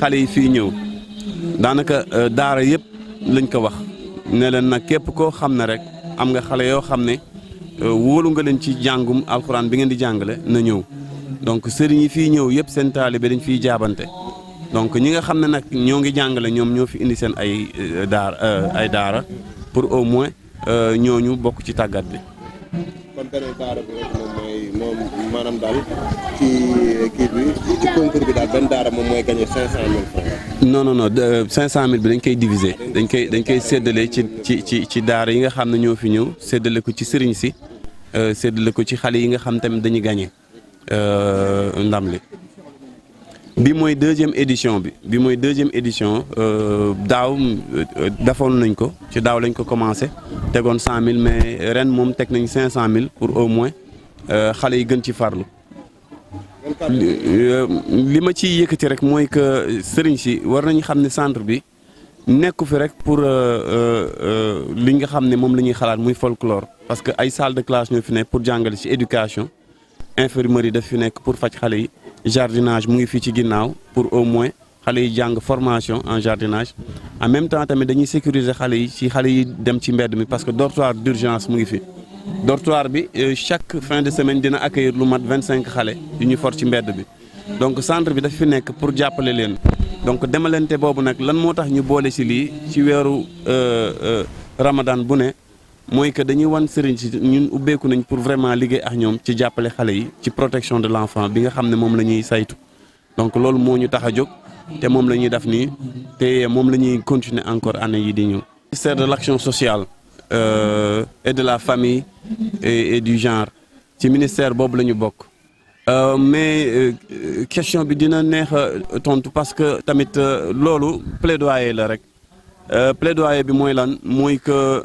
xale yi fii ñëw daanaka euh, daara yëpp lañ ko wax ne leen nag képp koo xam ne rek am nga xale yoo xam ne euh, wóolu nga leen ci jàngum alxuraan bi ngeen di jàngale na ñëw donc sëriñ yi fii ñëw yëpp seen taalibe dañ fiy jaabante donc ñi nga xam ne nag ñoo ngi jàngale ñoom ñoo fi indi seen ay euh, daara ay daara pour au moins ñu bokk ci tàggat bi kon beneen daara bi rek moom mooy moom maanaam daal ci kii bi ci concours bi daal benn daara euh, dañ koy diviser dañ koy dañ koy séddale ci ci ci ci daara yi nga xam ne ñoo fi ñëw séddale ko ci sëriñ si euh, séddale ko ci xale yi nga xam tamit dañuy gagné euh, ndam li. bi mooy deuxième édition bi bi mooy deuxième édition euh, daaw euh, defoon nañ ko ci daw lañ ko commencé tegoon cent mille mais ren mom tek nañ 500000 cent mille pour au moins euh, xalé yi gën ci farlu. li ma ciy yëkkati rek moy que sëriñ ci war nañ xamné ne centre bi nekku fi rek pour li nga xamné mom lañuy xalaat muy folklore. parce que ay salle de classe ñu fi nekk pour jàngal ci éducation infirmerie daf fi nekk pour fajj xalé yi jardinage mu ngi fii ci ginnaw pour au moins xalé yi jang formation en jardinage en même temps tamit dañuy sécuriser xalé yi ci xalé yi dem ci mbedd mi parce que dortoir d'urgence mu ngi fi dortoir bi euh, chaque fin de semaine dina accueillir lu mat 25 xalé yu ñu for ci mbedd bi donc centre bi dafa fi nek pour jappalé len donc demalante bobu nak lan motax ñu bolé ci li ci euh, euh ramadan bu né moy que dañuy wan serigne ci ñun ubbeeku nañ pour vraiment liggéey ak ñom ci jàppale xalé yi ci protection de l'enfant bi nga xamné mom lañuy saytu donc loolu moñu taxajuk té mom lañuy daf ni té mom lañuy continuer encore année yi di ñu ministère de l'action sociale euh, et de la famille et, et du genre ci ministère bobu lañu bok euh, mais euh, question bi dina neex tontu parce que tamit euh, loolu plaidoyer la rek euh, plaidoyer bi moy lan moy que.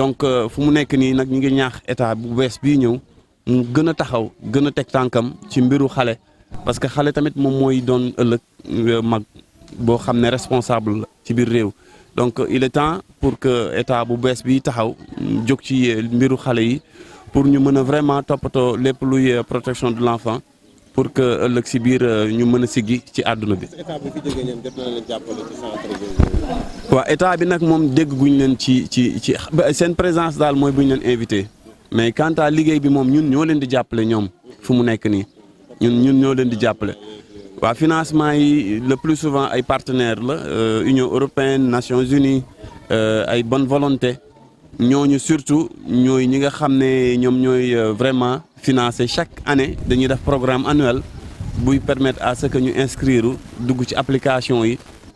donc euh, fu mu nekk nii nag ñu ngi ñaax état bu bees bii ñëw mu gën a taxaw gën a teg tànkam ci mbiru xale parce que xale tamit moom mooy doon ëllëg euh, mag boo xam ne responsable la ci biir réew donc euh, il est temps pour que état bu bees bi taxaw jóg ci mbiru xale yi pour ñu mën a vraiment toppatoo lépp luy protection de l'enfant pour que ëllëg si biir ñu mën a siggi ci àdduna bi. état bi. C'est état présence qui moy buñ invité mais quant à liguey bi mom ñun ñoo leen di jàppale ñom fu mu nekk financement yi le plus souvent ay partenaires l'Union euh, Union européenne Nations Unies euh, ay bonne volonté Ñoñu surtout ñooy ñi nga euh, vraiment financer chaque année dañuy def programme annuel buy permettre à ceux que ñu inscrire dugg ci application yi.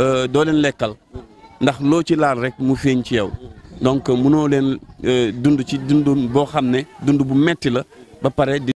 Euh, doo leen lekkal ndax loo ci laal rek mu feeñ ci yow donc mënoo leen euh, dund ci dund boo xam ne dund bu metti la ba pare